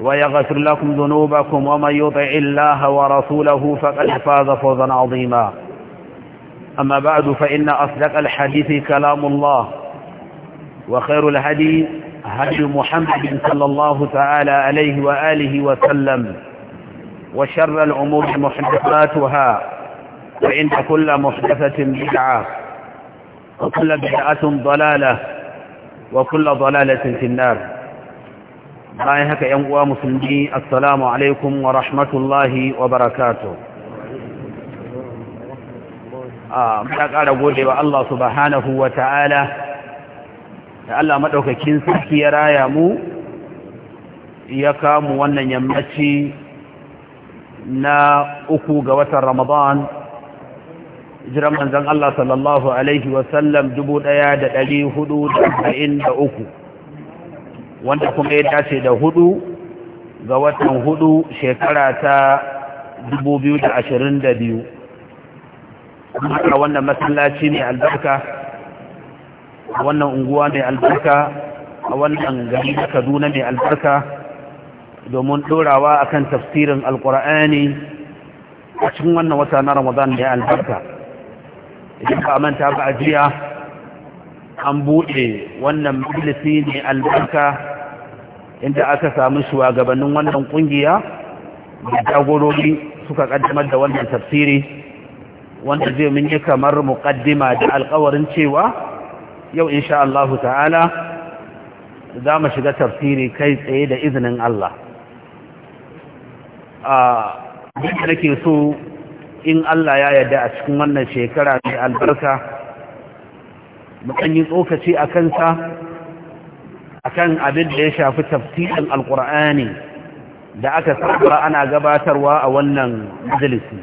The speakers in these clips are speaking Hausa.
ويغفر لكم ذنوبكم ومن يطع الله ورسوله فقد فاز فوزا عظيما أما بعد فإن أصدق الحديث كلام الله وخير الهدي هدي محمد صلى الله تعالى عليه وآله وسلم وشر الأمور محدثاتها فإن كل محدثة بدعة وكل بدعة ضلالة وكل ضلالة في النار bayan haka yan uwa musulmi assalamu alaikum wa rahmatullahi wa barakatuh a ah, muna ƙara gode wa Allah subhanahu wa ta'ala da Allah maɗaukakin sarki ya raya mu ya kamu wannan yammaci na uku ga watan Ramadan jiran manzan Allah sallallahu Alaihi wasallam uku. wanda kuma ya dace da hudu ga watan hudu shekara ta 2022 kuma wannan masallaci ne albarka a wannan unguwa ne albarka a wannan gari da kaduna ne albarka domin dorawa akan tafsirin alkur'ani a cikin wannan wata na ramadan ne albarka idan ba manta ba a jiya an buɗe wannan majalisi ne albarka inda aka samu shugabannin wannan kungiya da jagorori suka kaddamar da wannan tafsiri wanda zai mun yi kamar muqaddima da alƙawarin cewa yau insha Allah ta'ala za mu shiga tafsiri kai tsaye da izinin Allah a duk nake so in Allah ya yarda a cikin wannan shekara mai albarka mu kan yi tsokaci a kansa akan abin da ya shafi tafsirin alkur'ani da aka saba ana gabatarwa a wannan majalisi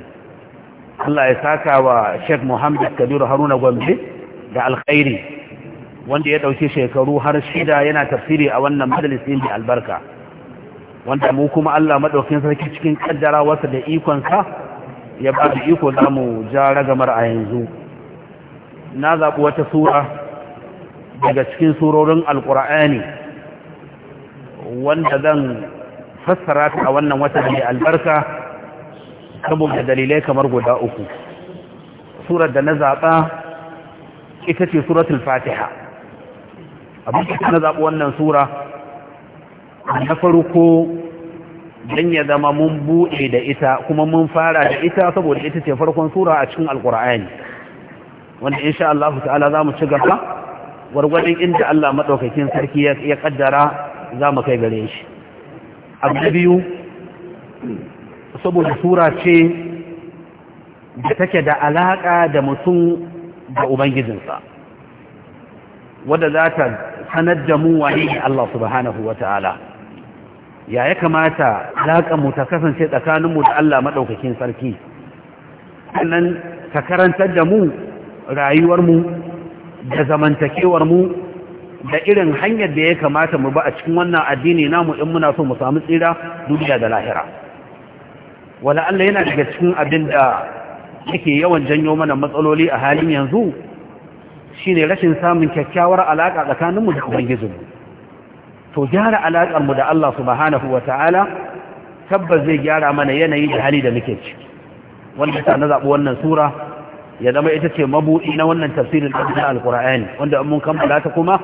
Allah ya saka wa Sheikh Muhammad Kabiru Haruna Gombe da alkhairi wanda ya dauke shekaru har shida yana tafsiri a wannan majalisi mai albarka wanda mu kuma Allah madaukakin sarki cikin kaddara wasa da ikon sa ya ba da iko zamu ja ragamar a yanzu na zabi wata sura daga cikin surorin alkur'ani wanda zan fassara ta a wannan wata mai albarka saboda dalilai kamar guda uku surar da na zaɓa ita ce suratul fatiha abin da na zaɓi wannan sura na farko don ya zama mun buɗe da ita kuma mun fara da ita saboda ita ce farkon sura a cikin alkur'ani wanda insha Allah ta'ala za mu ci gaba gwargwadon inda Allah maɗaukakin sarki ya kaddara za mu kai gare shi abu biyu saboda sura ce da take da alaƙa da mutum da ubangijinsa wadda za ta sanar da mu wani Allah subhanahu wa ta'ala ya ya kamata alaƙanmu ta kasance tsakaninmu da Allah maɗaukakin sarki sannan ta karantar da mu rayuwarmu da zamantakewar mu da irin hanyar da ya kamata mu ba a cikin wannan addini namu in muna so mu samu tsira duniya da lahira wala Allah yana daga cikin abin da yake yawan janyo mana matsaloli a halin yanzu shine rashin samun kyakkyawar alaka tsakanin mu da ubangijin mu to gyara alakar mu da Allah subhanahu wataala tabbas zai gyara mana yanayi da hali da muke ciki wanda ta na zabi wannan sura ya zama ita ce mabuɗi na wannan tafsirin al alkur'ani wanda mun kammala ta kuma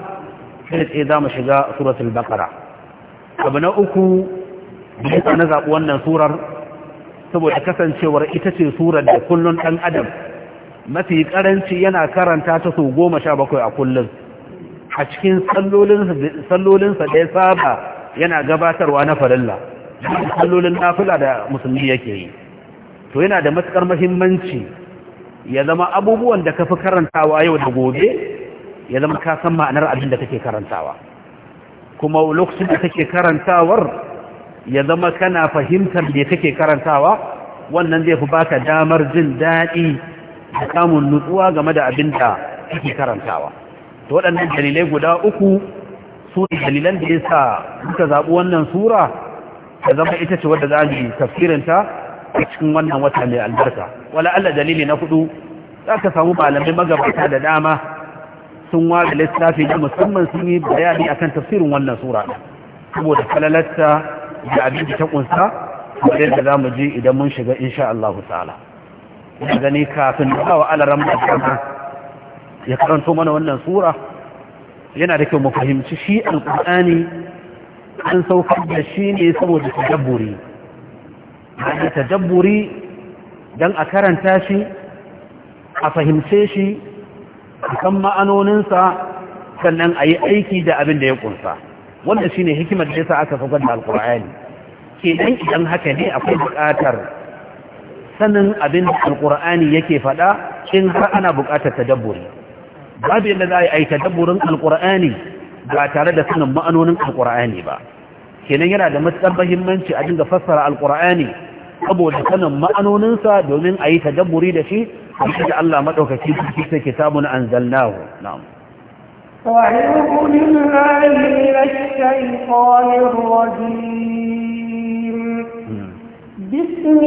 sai tsaye za mu shiga suratul baqara abu na uku da na zaɓi wannan surar saboda kasancewar ita ce surar da kullun ɗan adam mafi karanci yana karanta ta su goma sha bakwai a kullum a cikin sallolinsa da saba yana gabatarwa na farilla sallolin nafila da musulmi yake yi to yana da matukar mahimmanci ya zama abubuwan da ka fi karantawa yau da gobe ya zama ka san ma'anar abin da kake karantawa kuma lokacin da kake karantawar ya zama kana fahimtar da kake karantawa wannan zai fi baka damar jin daɗi da samun nutsuwa game da abin da kake karantawa to waɗannan dalilai guda uku su ne dalilan da ya sa muka zaɓi wannan sura ta zama ita ce wadda za mu tafsirinta a cikin wannan wata mai albarka wala Allah dalili na hudu za ka samu malamai magabata da dama sun ware lissafi da musamman sun yi bayani akan tafsirin wannan sura saboda falalarta da abin da ta kunsa kamar da za mu ji idan mun shiga insha Allah ta'ala ina gani kafin da wa alaran mutum ya karanto mana wannan sura yana da kyau mu fahimci shi alqur'ani an saukar da shi ne saboda tadabburi hanyar tadabburi don a karanta shi a fahimce shi a kan ma'anoninsa sannan a yi aiki da abin da ya kunsa wanda shi ne hikimar da yasa aka saukar da alkur'ani ke idan haka ne akwai buƙatar sanin abin da alkur'ani yake faɗa in har ana buƙatar tadabburi babu yadda za a yi tadabburin alkur'ani ba tare da sanin ma'anonin alkur'ani ba kenan yana da matuƙar mahimmanci a dinga fassara alkur'ani saboda sanin ma'anoninsa domin a yi tadabburi da shi a da Allah maɗaukaci su ke kitabun an zalnahu na'am وَعِنْهُ بِاللَّهِ مِنَ الشَّيْطَانِ الرَّجِيمِ بِسْمِ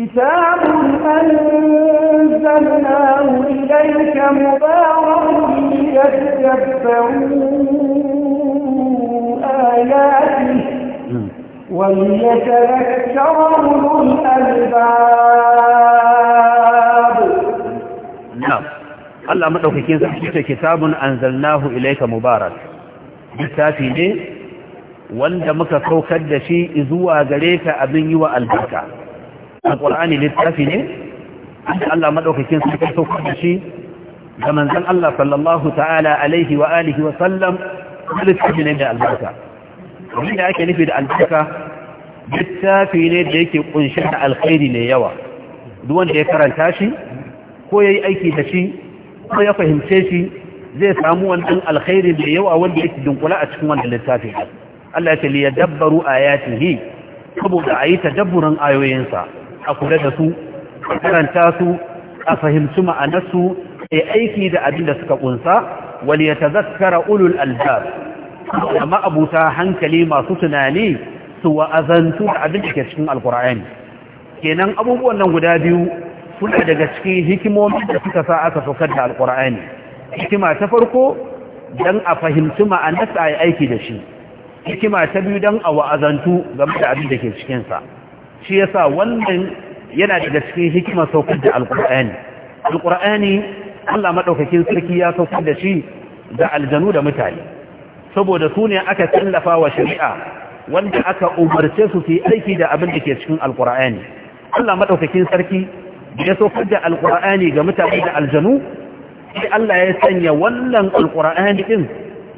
كتاب أنزلناه إليك مبارك ليتدبروا آياته نعم. وليتذكر أولو الألباب نعم الله مدوكين كتاب أنزلناه إليك مبارك لتاتي ليه وانت مكا فوكد شيء إذوا غليك أبنيو ألبكا alƙur'ani littafi ne da Allah maɗaukakin sun kai da shi ga manzan Allah sallallahu ta'ala alaihi wa alihi wa sallam littafi ne mai albarka abin da ake nufi da albarka littafi ne da yake kunshi da alkhairi ne yawa duk wanda ya karanta shi ko yayi aiki da shi ko ya fahimce shi zai samu wannan alkhairi da yawa wanda yake dunkula a cikin wannan littafi Allah ya ce li yadabbaru ayatihi saboda ayi tadabburin ayoyinsa a kula da su a karanta su a fahimci ma'anarsu a aiki da abin da suka kunsa wani ya tazakkara ulul albab A ma'abuta hankali masu tunani su wa'azantu da abin da ke cikin alkur'ani kenan abubuwan nan guda biyu suna daga cikin hikimomin da suka sa aka saukar da alkur'ani hikima ta farko don a fahimci ma'anarsa a aiki da shi hikima ta biyu don a wa'azantu game da abin da ke cikinsa shi yasa wannan yana daga cikin hikimar saukar da alkur'ani alkur'ani Allah madaukakin sarki ya saukar da shi da aljanu da mutane saboda su ne aka tallafa wa shari'a wanda aka umarce su su aiki da abin da ke cikin alkur'ani Allah madaukakin sarki ya saukar da alkur'ani ga mutane da aljanu sai Allah ya sanya wannan alkur'ani din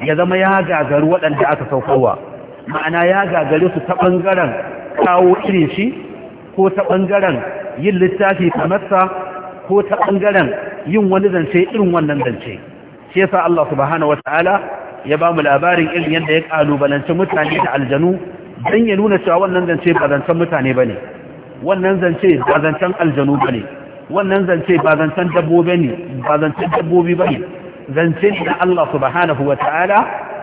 ya zama ya gagaru waɗanda aka saukowa ma'ana ya gagare su ta ɓangaren kawo irin shi ko ta ɓangaren yin littafi kamarsa ko ta ɓangaren yin wani zance irin wannan zance shi yasa Allah subhanahu wata'ala ya ba mu labarin irin yadda ya kalubalanci mutane da aljanu don ya nuna cewa wannan zance ba zancen mutane ba ne wannan zance ba zancen aljanu ba ne wannan zance ba zancen dabbobi ne ba zancen dabbobi ba ne zance ne na Allah subhanahu wa ta'ala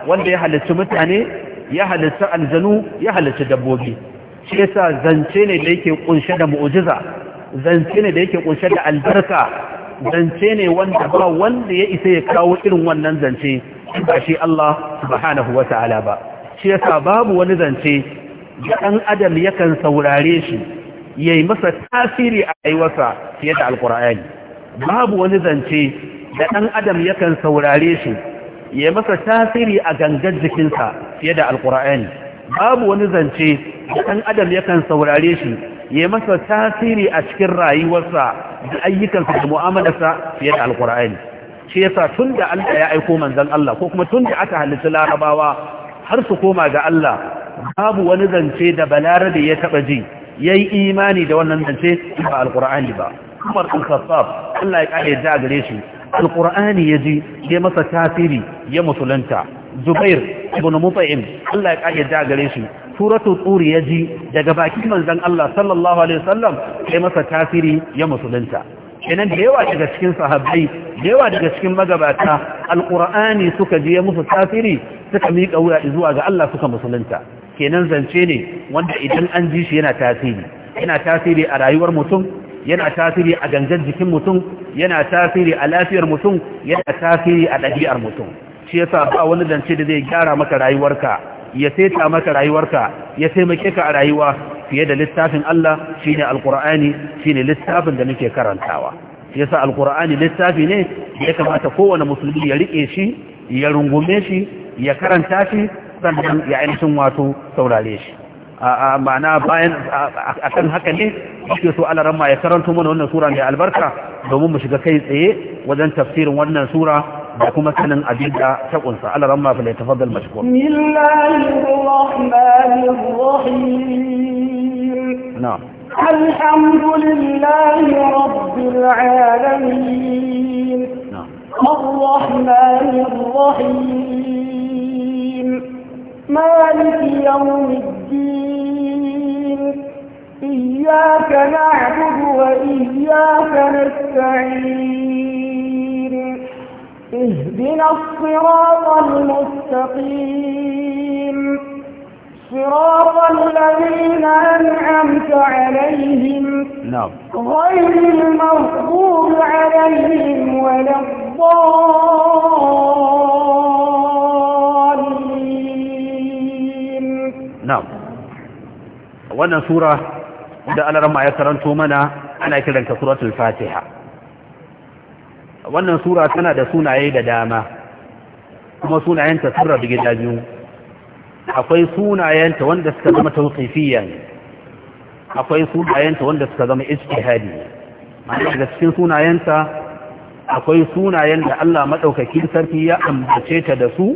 wanda ya halarci mutane ya halarci aljanu ya halarci dabbobi shi yasa zance ne da yake kunshe da mu'jiza zance ne da yake kunshe da albarka zance ne wanda ba wanda ya isa ya kawo irin wannan zance ba shi Allah subhanahu wata'ala ba shi yasa babu wani zance da ɗan adam yakan saurare shi yayi masa tasiri a aiwasa fiye da alkur'ani babu wani zance da ɗan adam yakan saurare shi yayi masa tasiri a gangar jikinsa fiye da alkur'ani babu wani zance da adam yakan saurare shi ya masa tasiri a cikin rayuwarsa da ayyukansa da mu'amalarsa fiye da alkur'ani shi yasa tun da Allah ya aiko manzon Allah ko kuma tun da aka halitta larabawa har su koma ga Allah babu wani zance da balarabe ya taɓa ji ya yi imani da wannan zance ba alkur'ani ba umar al-khattab Allah ya kare da gare shi alkur'ani ya ji ya masa tasiri ya musulunta zubair ibn mut'im Allah ya kare da gare shi suratul tsuri ya ji daga bakin manzan Allah sallallahu alaihi wasallam sai masa tasiri ya musulunta kenan da yawa daga cikin sahabbai da yawa daga cikin magabata Alƙur'ani suka ji ya musu tasiri suka miƙa wuya zuwa ga Allah suka musulunta kenan zance ne wanda idan an ji shi yana tasiri yana tasiri a rayuwar mutum yana tasiri a gangan jikin mutum yana tasiri a lafiyar mutum yana tasiri a ɗabi'ar mutum shi yasa ba wani zance da zai gyara maka rayuwarka ya saita maka rayuwarka ya taimake ka a rayuwa fiye da littafin Allah shine alqur'ani shine littafin da nake karantawa yasa alqur'ani littafi ne ya kamata kowane musulmi ya rike shi ya rungume shi ya karanta shi sannan ya ainihin wato saurare shi ma'ana bayan akan haka ne ake so alaran ma ya karanto mana wannan sura mai albarka domin mu shiga kai tsaye wajen tafsirin wannan sura da kuma sanin abin da ta kunsa Allah ramma fa la tafaddal mashkur bismillahir rahmanir rahim na'am الحمد لله رب العالمين الرحمن الرحيم مالك يوم الدين إياك نعبد وإياك نستعين اهدنا الصراط المستقيم صراط الذين أنعمت عليهم نعم غير المغضوب عليهم ولا الضالين نعم wannan سورة da alarma ya karanto mana ana kiranta سورة الفاتحة wannan sura tana da sunaye da dama kuma sunayenta sun rabu gida biyu akwai sunayenta wanda suka zama tawqifiyya akwai sunayenta wanda suka zama ijtihadi ma'ana daga cikin sunayenta akwai sunayen da Allah madaukakin sarki ya ambace ta da su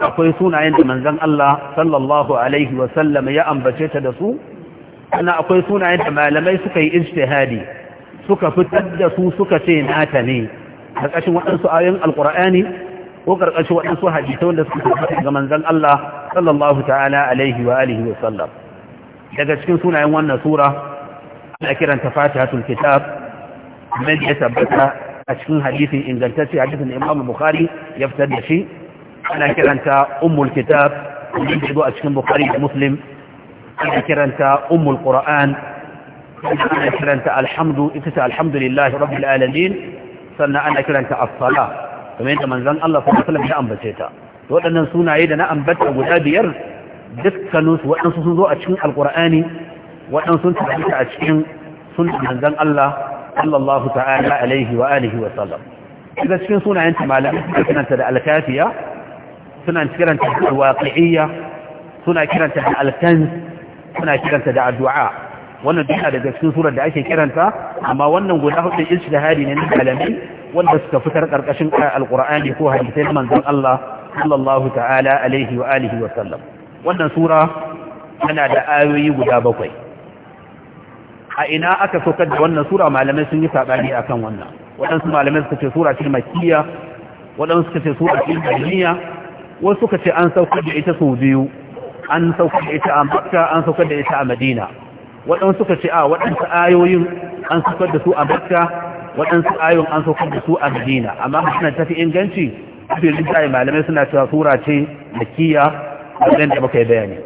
akwai sunayen da manzon Allah sallallahu alaihi wa ya ambace ta da su ana akwai sunayen da malamai suka yi ijtihadi suka fitar da su suka ce nata ne karkashin waɗansu ayoyin alkur'ani ko karkashin waɗansu hadisai wanda suka tabbata ga manzon Allah sallallahu ta'ala alaihi wa alihi wa sallam daga cikin sunayen wannan sura ana kiranta hatun kitab mai ya tabbata a cikin hadisin ingantacce hadisin Imam Bukhari ya fitar da shi ana kiranta ummul kitab zo a cikin Bukhari da Muslim ana kiranta ummul Qur'an ana kiranta alhamdu ita ce alhamdulillah rabbil alamin sannan ana kiranta as-sala kamar yadda manzon Allah sallallahu alaihi wasallam ya ambace ta waɗannan sunaye da na ambata guda biyar dukkanin su waɗansu sun zo a cikin alqur'ani waɗansu sun a cikin sunan manzon Allah sallallahu ta'ala alaihi wa sallam daga cikin sunayen ta malamai kiranta da alkafiya suna kiranta da waqi'iyya suna kiranta kiranta da addu'a wannan duk daga cikin surar da ake kiranta amma wannan guda hudu ijtihadi ne na malamai wanda suka fitar karkashin alqur'ani ko na manzon Allah sallallahu ta'ala alaihi wa alihi wa sallam wannan sura tana da ayoyi guda bakwai a ina aka sokar da wannan sura malamai sun yi sabani akan wannan wadansu malamai suka ce sura ce makkiya wadansu suka ce sura ce madaniya wasu suka ce an sauka da ita sau biyu an sauka da ita a makka an sauka da ita a madina waɗansu suka ce a waɗansu ayoyin an saukar da su a makka waɗansu ayoyin an saukar da su a madina amma suna tafi inganci fi rinjaye malamai suna cewa sura ce makiya wajen da muka yi bayani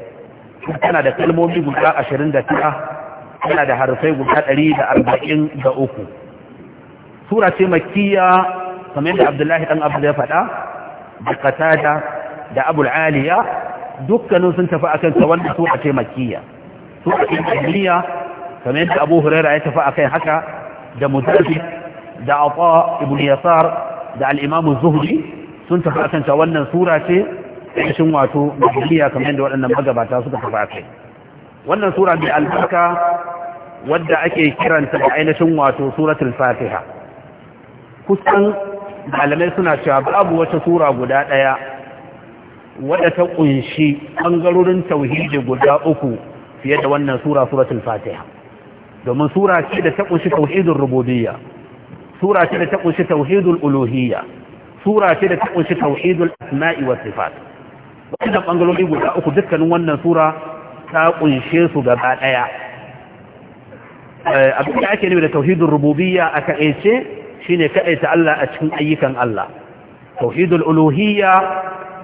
tana da kalmomi guda ashirin da tara tana da harfai guda ɗari da arba'in da uku sura ce makiya kamar yadda abdullahi ɗan abu ya faɗa da katada da abul aliya dukkanin sun tafi akan ta wanda sura ce makiya su a cikin jahiliya kamar yadda Abu Hurairah ya tafi kai haka da Mujahid da Afa ibn Yasar da al-Imam Zuhri sun tafi a kan ta wannan sura ce cikin wato jahiliya kamar yadda waɗannan magabata suka tafi a kai. wannan sura mai albarka wadda ake kiranta da ainihin wato suratul Fatiha kusan malamai suna cewa babu wata sura guda ɗaya wadda ta kunshi ɓangarorin tauhidi guda uku fiye da wannan sura suratul fatiha domin sura ce da ta kunshi tauhidul rububiyya sura ce da ta kunshi tauhidul uluhiyya sura ce da ta kunshi tauhidul asma'i was sifat wannan bangalori guda uku dukkanin wannan sura ta kunshe su gaba daya eh, abin da ake nufi da tauhidul rububiyya a kaɗaice shine kaɗaita Allah a cikin ayyukan Allah tauhidul uluhiyya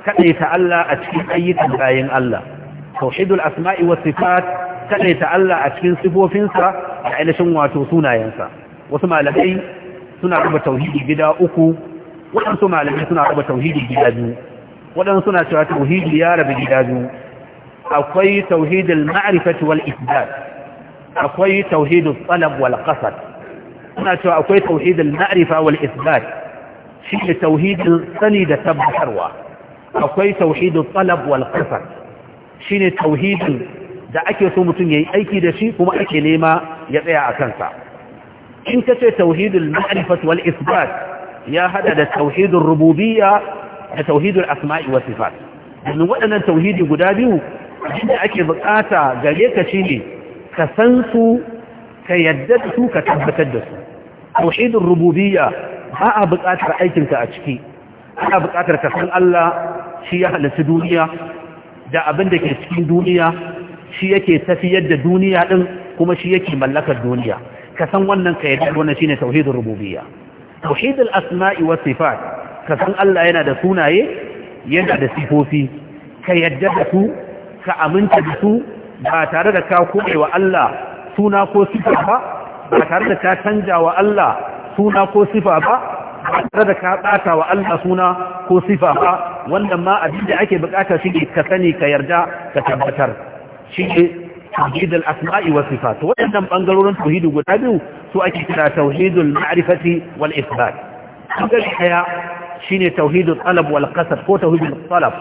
kaɗaita Allah a cikin ayyukan bayin Allah tauhidul asma'i was sifat ta Allah a cikin sifofinsa da ainihin wato sunayensa wasu malamai suna raba tauhidi gida uku waɗansu malamai suna raba tauhidi gida biyu waɗansu suna cewa tauhidi ya rabu gida biyu akwai tauhidul ma'rifati wal isbat akwai tauhidul talab wal qasad suna cewa akwai tauhidul ma'rifa wal isbat shi ne tauhidin sani da tabbatarwa akwai tauhidul talab wal qasad shine tauhidin da ake so mutum ya yi aiki da shi kuma ake nema ya tsaya a kansa in kace tauhidul ma'arifat wal isbat ya hada da tauhidin Rububiya da tauhidin asma'i wa sifat domin waɗannan tauhidi guda biyu da ake bukata gare ka shine ka san su ka yadda da su ka tabbatar da su Tauhidin Rububiya ba a bukatar aikinka a ciki ana bukatar ka san Allah shi ya halarci duniya da abin da ke cikin duniya shi yake tafi yadda duniya din kuma shi yake mallakar duniya ka san wannan ka yadda wannan shine tauhidul rububiyya tauhidul asma'i was sifat ka san Allah yana da sunaye yana da sifofi ka yadda da su ka aminta da su ba tare da ka wa Allah suna ko sifa ba ba tare da ka canja wa Allah suna ko sifa ba ba tare da ka ɓata wa Allah suna ko sifa ba wanda ma abin da ake bukata shi ka sani ka yarda ka tabbatar shi ne tauhidul asma'i wa sifat waɗannan bangarorin tauhidi guda biyu su ake kira tauhidul ma'rifati wal isbat bangare daya shine tauhidul talab wal qasd ko tauhidul talab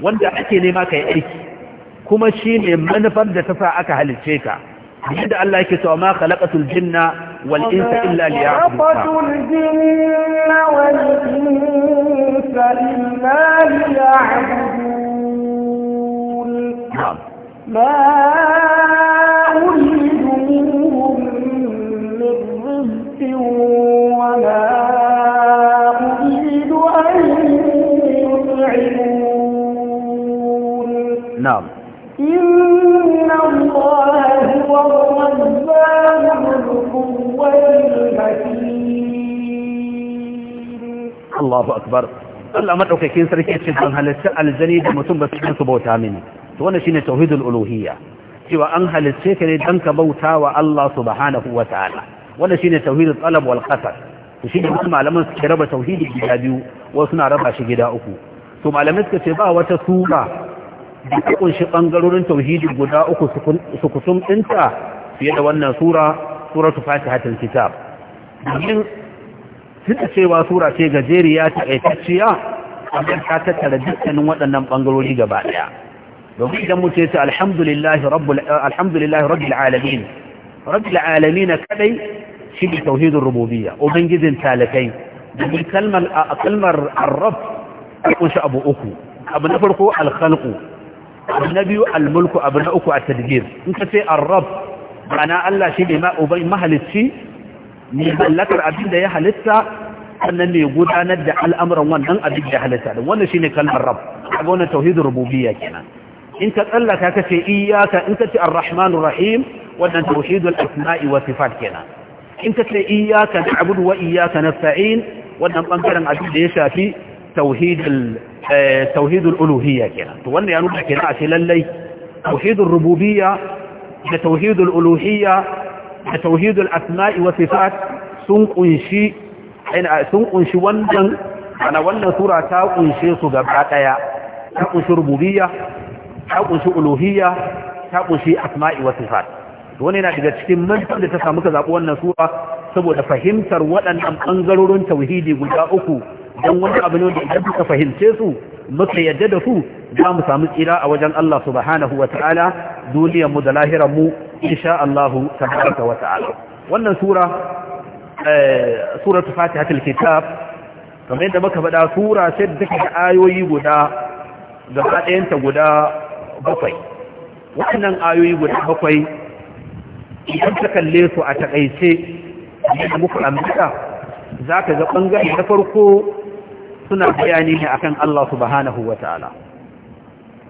wanda ake nema kai aiki kuma shine manufar da ta sa aka halicce ka بحد الله كتو ما خلقت الجن والإنس إلا ليعبدون نعم. ما Allahu akbar Allah madaukakin sarki ce ban halitta aljani da mutum ba su bauta mini to wannan shine tauhidul uluhiyya cewa an halitta ka ne dan ka bauta wa Allah subhanahu wa ta'ala wannan shine tauhidul talab wal qasad to shine wasu malaman suke raba tauhidi gida biyu wasu na raba shi gida uku to malamai suka ce ba wata sura da ta kunshi bangarorin tauhidi guda uku su kusum dinta fiye da wannan sura suratul fatihatul kitab domin tun da cewa sura ce gajeriya ta aitacciya amma ta tattara dukkanin waɗannan bangarori gaba ɗaya domin idan mu ce su alhamdulillahi rabbil alamin rabbil alamin kadai shi ne tauhidin rububiyya ubangijin talakai domin kalmar kalmar arab ta kunshi abu uku abu na farko alkhalqu abu na biyu almulku abu na uku at-tadbir in ka ce arab ma'ana Allah shi ne mahalicci mai mallakar abin da ya halitta sannan mai gudanar da al'amuran wannan abin da halitta da wannan shine kalmar rab kaga wannan tauhidu rububiya kenan in ka tsallaka ka ce iyaka in ka ce ar-rahmanur rahim wannan tauhidu asma'i wa sifat kenan in ka ce iyaka abudu wa iyaka nasta'in wannan bangaren abin da ya shafi tauhidul eh, tauhidul kenan to wannan ya nuna kenan a ce lallai tauhidul rububiyya da tauhidul uluhiyya da tauhidul asma'i wa sifat sun kunshi sun kunshi wannan ana wannan sura ta kunshe su gaba daya ta kunshi rububiyya ta kunshi uluhiyya ta kunshi asma'i wa sifat wani yana daga cikin mantan da ta samu ka zaɓi wannan sura saboda fahimtar waɗannan bangarorin tauhidi guda uku don wani abu ne da idan ka fahimce su muka yadda da su za mu samu tsira a wajen Allah subhanahu wa ta'ala duniyar mu da lahirar mu insha Allah tabaraka wa ta'ala wannan sura eh, suratu suratul kitab kamar yadda muka faɗa sura ce da ayoyi guda da ɗayanta guda bakwai wannan ayoyi guda bakwai idan ka kalle su a takaice da muku ambata za ka ga ɓangare na farko suna bayani ne akan Allah subhanahu wata'ala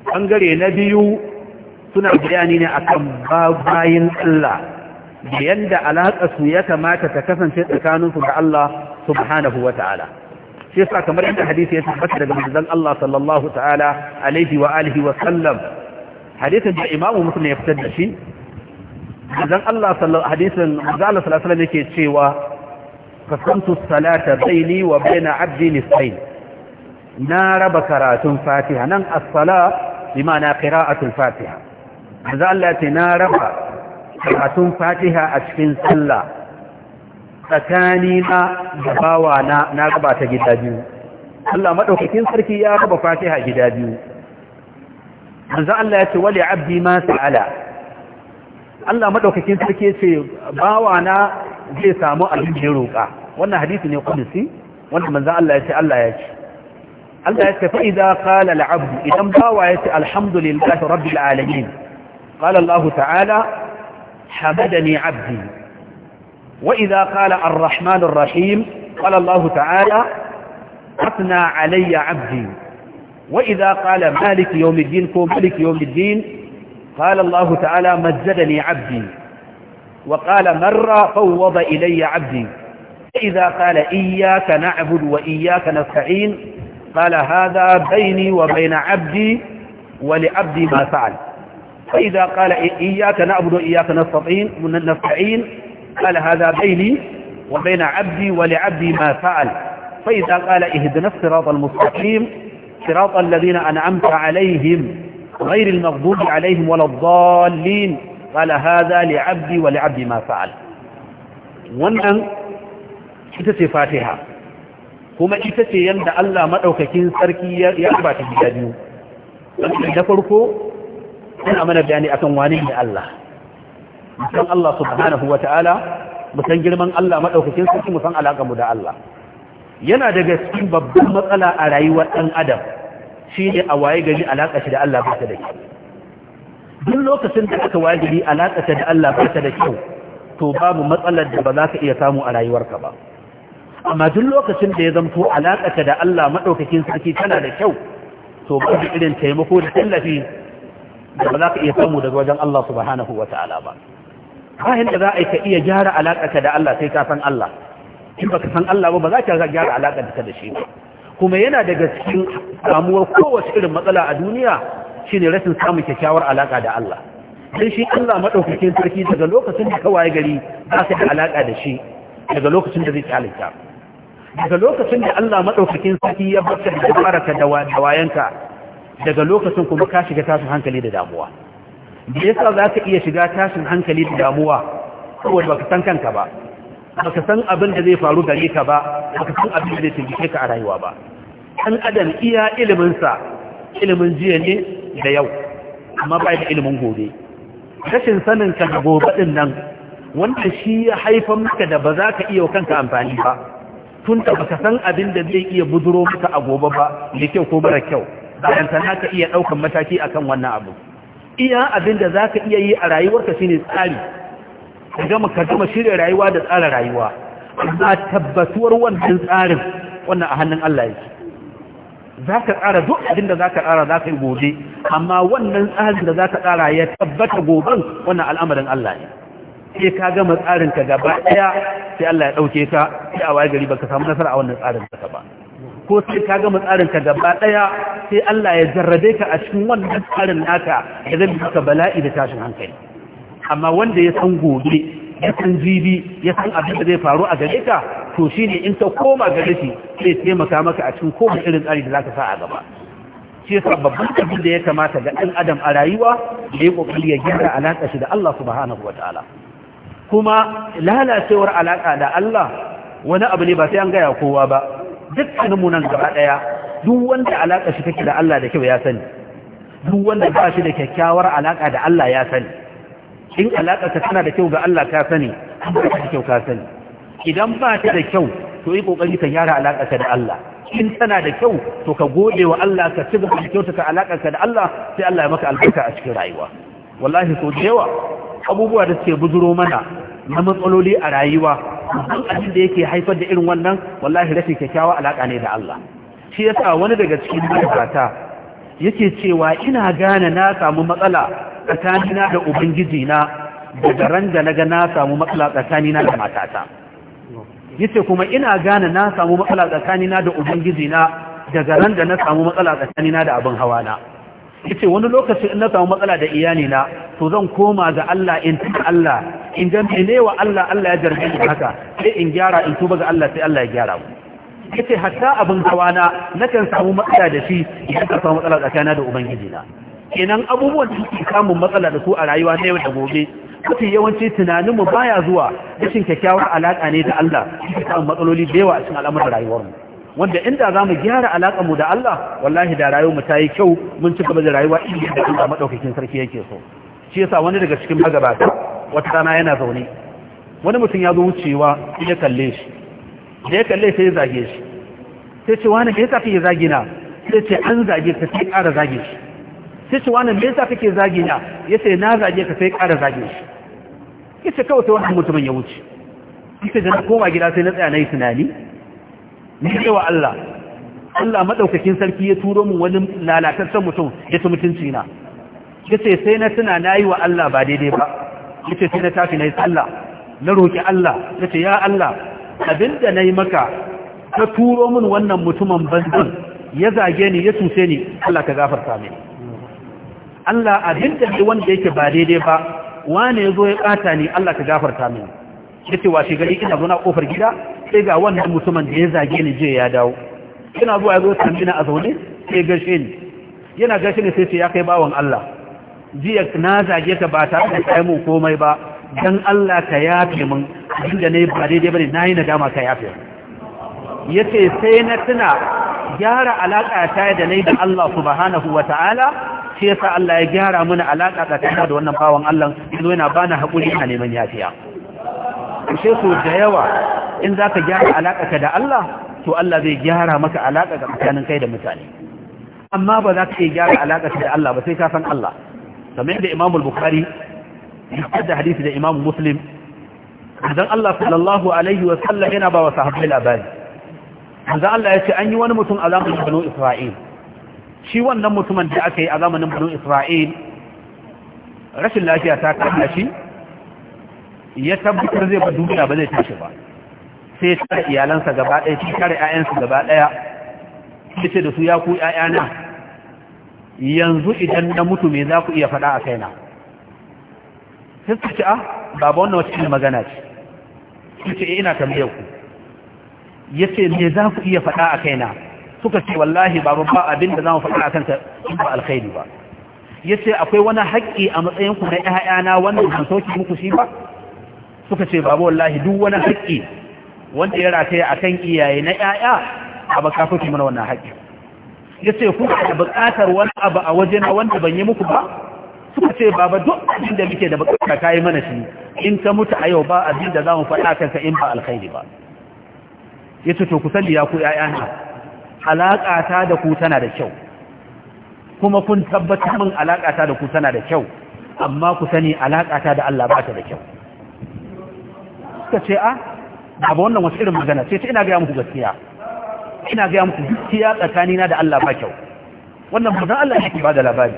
bangare na biyu suna bayani ne akan babayin Allah da yanda alaƙa ya kamata ta kasance tsakaninsu da Allah subhanahu wata'ala shi yasa kamar yadda hadisi ya tabbata daga manzon Allah sallallahu ta'ala alaihi wa alihi wa sallam hadisin da imamu musulun ya fitar da shi manzon Allah sallallahu hadisin manzon Allah sallallahu alaihi wa sallam yake cewa قسمت الصلاة wa وبين Abdi نصفين na raba karatun fatiha nan as-sala bi ma'ana qira'atul fatiha Maza Allah ce na raba karatun fatiha a cikin sallah tsakani na da bawa na na raba ta gida biyu Allah madaukakin sarki ya raba fatiha gida biyu Maza Allah ya ce wali abdi ma sa'ala Allah madaukakin sarki ce bawa na zai samu abin da roƙa wannan hadisi ne kudusi wanda manzo Allah ya ce Allah ya ce الله فإذا قال العبد إذا مباوعت الحمد لله رب العالمين قال الله تعالى حمدني عبدي وإذا قال الرحمن الرحيم قال الله تعالى أثنى علي عبدي وإذا قال مالك يوم الدين كو مالك يوم الدين قال الله تعالى مزدني عبدي وقال مر فوض إلي عبدي إذا قال إياك نعبد وإياك نستعين قال هذا بيني وبين عبدي ولعبدي ما فعل فإذا قال إياك نعبد وإياك نستعين قال هذا بيني وبين عبدي ولعبدي ما فعل فإذا قال اهدنا الصراط المستقيم صراط الذين أنعمت عليهم غير المغضوب عليهم ولا الضالين قال هذا لعبدي ولعبدي ما فعل wannan ita ce kuma ita ce yadda Allah maɗaukakin sarki ya ambata gida biyu na farko yana mana bayani akan wani ne Allah musan Allah subhanahu wa ta'ala musan girman Allah maɗaukakin sarki musan alaƙamu da Allah yana daga cikin babban matsala a rayuwar ɗan adam shi ne a waye gari alaƙa shi da Allah ba ta da kyau duk lokacin da aka waye gari alaƙa da Allah ba ta da kyau to babu matsalar da ba za ka iya samu a rayuwarka ba amma duk lokacin da ya zamto alaƙaka da Allah maɗaukakin sarki tana da kyau to ba irin taimako da tallafi da ba za ka iya samu daga wajen Allah subhanahu wa ta'ala ba bayan da za a yi ka iya gyara alaƙaka da Allah sai ka san Allah in ka san Allah ba ba za ka gyara alaƙa da shi ba kuma yana daga cikin samuwar kowace irin matsala a duniya shine rashin samun kyakkyawar alaƙa da Allah sai shi Allah maɗaukakin sarki daga lokacin da ka waye gari za ka da alaƙa da shi daga lokacin da zai kyalita daga lokacin da Allah Maɗaukakin sarki ya barka da baraka da wayanka daga lokacin kuma ka shiga tashin hankali da damuwa me sa za ka iya shiga tashin hankali da damuwa saboda baka san kanka ba baka san abin da zai faru gare ka ba baka san abin da zai tabbace ka a rayuwa ba an adam iya iliminsa sa ilimin jiya ne da yau amma ba da ilimin gobe rashin sanin ka gobe din nan wanda shi ya haifar maka da ba za ka iya kanka amfani ba tun da ka san abin da zai iya buduro maka a gobe ba da kyau ko mara kyau bayan sana ka iya ɗaukan mataki akan wannan abu iya abin da za ka iya yi a rayuwarka shine tsari ka gama ka gama shirya rayuwa da tsara rayuwa amma tabbatuwar wannan tsarin wannan a hannun Allah yake za ka tsara duk abin da za ka tsara za ka yi gobe amma wannan tsarin da za ka tsara ya tabbata goben wannan al'amarin Allah ne sai ka gama tsarin ka gaba daya sai Allah ya ɗauke ka sai a waye gari baka samu nasara a wannan tsarin ka ba ko sai ka gama tsarin ka gaba daya sai Allah ya jarrabe ka a cikin wannan tsarin naka ya zama maka bala'i da tashin hankali amma wanda ya san gobe ya san jibi ya san abin da zai faru a gare ka to shine in ka koma gare shi sai taimaka maka a cikin kowane irin tsari da zaka sa a gaba shi yasa babban abin da ya kamata ga ɗan adam a rayuwa da ya kokari ya gyara alaƙa shi da Allah subhanahu wataala kuma lalacewar alaƙa da Allah wani abu ne ba sai an gaya kowa ba dukkaninmu nan gaba ɗaya duk wanda alaƙa shi take da Allah da kyau ya sani duk wanda ba shi da kyakkyawar alaƙa da Allah ya sani in alaƙa ka tana da kyau ga Allah ka sani ba da kyau ka sani idan ba ta da kyau to yi kokari ka gyara alaƙa ka da Allah in tana da kyau to ka gode wa Allah ka ci gaba da kyautata alaƙa ka da Allah sai Allah ya maka albarka a cikin rayuwa wallahi so da yawa abubuwa da suke buzuro mana na matsaloli a rayuwa duk abin da yake haifar da irin wannan wallahi rashin kyakkyawa alaka ne da Allah shi yasa wani daga cikin mutata yake cewa ina gane na samu matsala tsakanina da ubangiji na daga garan da naga na samu matsala tsakanina da matata yace kuma ina gane na samu matsala tsakanina da ubangiji na daga garan da na samu matsala tsakanina da abin hawa na yace wani lokaci in na samu matsala da iyali na to zan koma ga Allah in ta Allah in ga ne wa Allah Allah ya jarfe ni haka sai in gyara in tuba ga Allah sai Allah ya gyara mu yace hatta abin na nakan samu matsala da shi idan ka samu matsala tsakana da ubangiji na kenan abubuwan da suke samun matsala da su a rayuwa na yau da gobe mafi yawanci tunanin mu baya zuwa rashin kyakkyawar alaka ne da Allah suke matsaloli da yawa a cikin al'amuran mu. wanda inda za mu gyara alaƙarmu da Allah wallahi da rayuwa mu ta yi kyau mun ci gaba da rayuwa inda da Allah maɗaukakin sarki yake so shi yasa wani daga cikin magabata wata rana yana zaune wani mutum ya zo wucewa ya kalle shi da ya kalle sai ya zage shi sai ce wani me yasa kake zage na sai ce an zage ka sai ƙara zage shi sai ce wani me yasa kake zage na ya sai na zage ka sai ƙara zage shi ya ce kawai sai wannan mutumin ya wuce ita da na koma gida sai na tsaya na yi tunani ni wa Allah Allah madaukakin sarki ya turo mu wani lalataccen mutum ya ci mutunci na ce sai na tuna nayi wa Allah ba daidai ba ce sai na tafi nayi sallah na roki Allah ce ya Allah abinda nayi maka ka turo min wannan mutumin banzan ya zage ni ya tuce ni Allah ka gafarta min. Allah abinda ne wanda yake ba daidai ba wane yazo ya kata ni Allah ka gafarta mini wa washe gari ina zo na kofar gida sai ga wannan mutumin da ya zage ni je ya dawo yana zuwa ya zo a zaune sai gashe ni yana gashe ni sai ce ya kai bawan Allah jiya na zage ka ba tare da kai mun komai ba dan Allah ka yafe mun. inda da nayi ba daidai bane nayi nadama ka yafe yace sai na tuna gyara alaka ta da nayi da Allah subhanahu wataala sai yasa Allah ya gyara mana alaka tsakanin da wannan bawan Allah yanzu yana bana hakuri a neman yafiya sai da yawa in za ka gyara alaƙaka da Allah to Allah zai gyara maka alaƙa tsakanin kai da mutane amma ba za ka iya gyara alaƙaka da Allah ba sai ka san Allah kamar yadda Imam Bukhari da hadisi da Imam Muslim dan Allah sallallahu alaihi wa sallam yana ba wa sahabbai labari dan Allah ya ce an yi wani mutum a zamanin Banu Isra'il shi wannan mutumin da aka yi a zamanin Banu Isra'il rashin lafiya ta kama shi ya tabbatar zai ba duniya ba zai tashi ba sai tare iyalansa gaba ɗaya shi tare ‘ya'yansa gaba ɗaya sai ce da su ya ku ‘ya'yana yanzu idan na mutu me za ku iya faɗa a kaina sai su ce a ah, baba wannan wacce ne magana ce su ce eh, ina tambayar ku ya ce me za ku iya faɗa a kaina suka ce wallahi babu ba abin da za mu faɗa a kanta in ba alkhairi ba ya ce akwai wani haƙƙi a matsayinku na ‘ya'yana wanda ban soke muku shi ba suka ce baba wallahi duk wani haƙƙi wanda ya rataya kan iyaye na ƴaƴa a baka kuke mana wannan haƙƙi yace ku da buƙatar wani abu a waje na wanda ban yi muku ba suka ce baba duk abin da muke da buƙata kai mana shi in ka mutu a yau ba abin da zamu faɗa kanka in ba alkhairi ba yace to ku sani ya ku na alaƙa ta da ku tana da kyau kuma kun tabbatar min alaƙa ta da ku tana da kyau amma ku sani alaƙa ta da Allah ba ta da kyau suka ce a ah, ba wannan wasu irin magana sai ta ina gaya muku gaskiya ina gaya muku gaskiya tsakanina da Allah ba kyau wannan bazan Allah yake ba da labari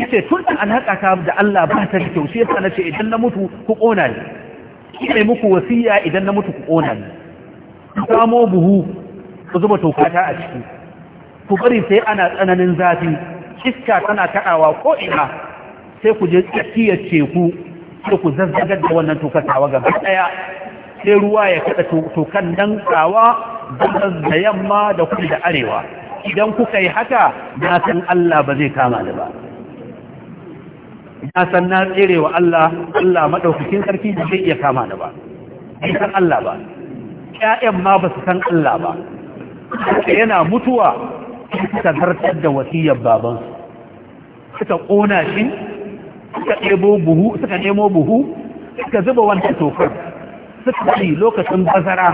yace tun an haka ta da Allah ba ta da kyau sai na nace idan na mutu ku kona ni mai muku wasiya idan na mutu ku kona ni ku samo buhu ku zuba tokata a ciki ku bari sai ana tsananin zafi iska tana taɗawa ko ina sai ku je tsakiyar teku sai ku zazzagar da wannan wa gaba ɗaya sai ruwa ya kada tokan nan tsawa da yamma da kudu da arewa idan kuka yi haka na san Allah ba zai kama ni ba na san na tsere Allah Allah madaukakin sarki da zai iya kama ni ba bai san Allah ba ƴaƴan ma ba su san Allah ba yana mutuwa suka zartar da wasiyar Su suka ƙona shi suka nemo buhu suka zuba wancan tofar suka yi lokacin bazara